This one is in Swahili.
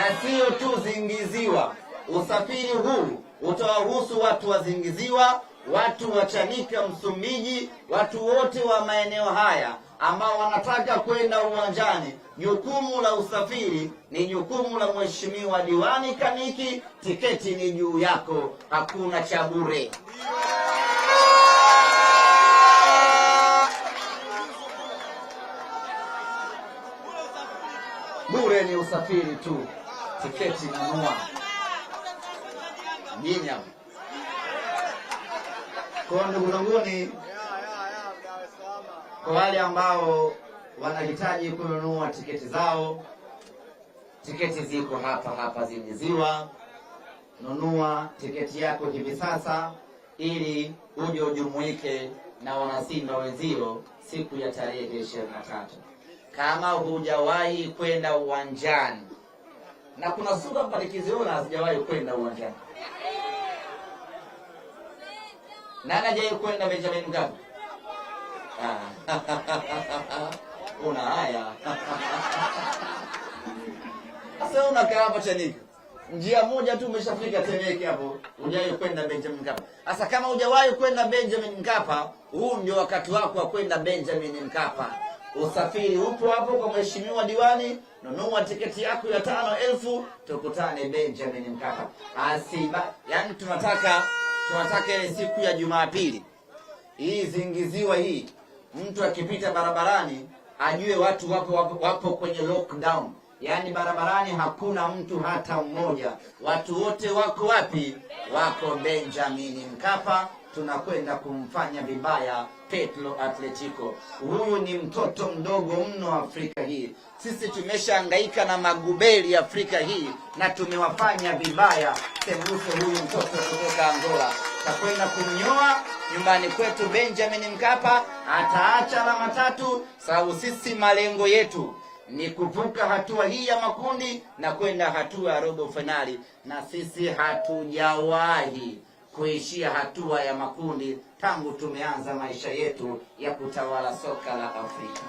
na sio tu zingiziwa. Usafiri huu utawahusu watu wa zingiziwa, watu wa Chanika, Msumbiji, watu wote wa maeneo haya ambao wanataka kwenda uwanjani. Jukumu la usafiri ni jukumu la mheshimiwa diwani Kaniki. Tiketi ni juu yako, hakuna cha bure. Bure ni usafiri tu tiketi nua nyinyi hapa kwa ndugu zanguni, kwa wale ambao wanahitaji kununua tiketi zao, tiketi ziko hapa hapa zimeziwa. Nunua tiketi yako hivi sasa, ili uje ujumuike na wanasimba wenzio siku ya tarehe ishirini na tatu. Kama hujawahi kwenda uwanjani na kuna sura hapa hazijawahi kwenda uwanjani nani hajawahi kwenda Benjamin Mkapa? Ah. una haya sasa, unakaa hapa Chanika, njia moja tu umeshafika Temeke hapo, hujawahi kwenda Benjamin Mkapa. Sasa kama hujawahi kwenda Benjamin Mkapa, huu ndio wakati wako wa kwenda Benjamin Mkapa. Usafiri upo hapo kwa mheshimiwa diwani, nunua tiketi yako ya tano elfu, tukutane Benjamin Mkapa. Asiba, yani tunataka tunataka ile siku ya Jumapili hii zingiziwa hii, mtu akipita barabarani ajue watu wapo, wapo, wapo kwenye lockdown, yaani barabarani hakuna mtu hata mmoja, watu wote wako wapi? Wako Benjamin Mkapa tunakwenda kumfanya vibaya Petro Atletico. Huyu ni mtoto mdogo mno Afrika hii. Sisi tumeshaangaika na magubeli Afrika hii na tumewafanya vibaya Tembuso, huyu mtoto kutoka Angola. Takwenda kumnyoa nyumbani kwetu Benjamin Mkapa, ataacha alama tatu, sababu sisi malengo yetu ni kuvuka hatua hii ya makundi na kwenda hatua ya robo fainali, na sisi hatujawahi kuishia hatua ya makundi tangu tumeanza maisha yetu ya kutawala soka la Afrika.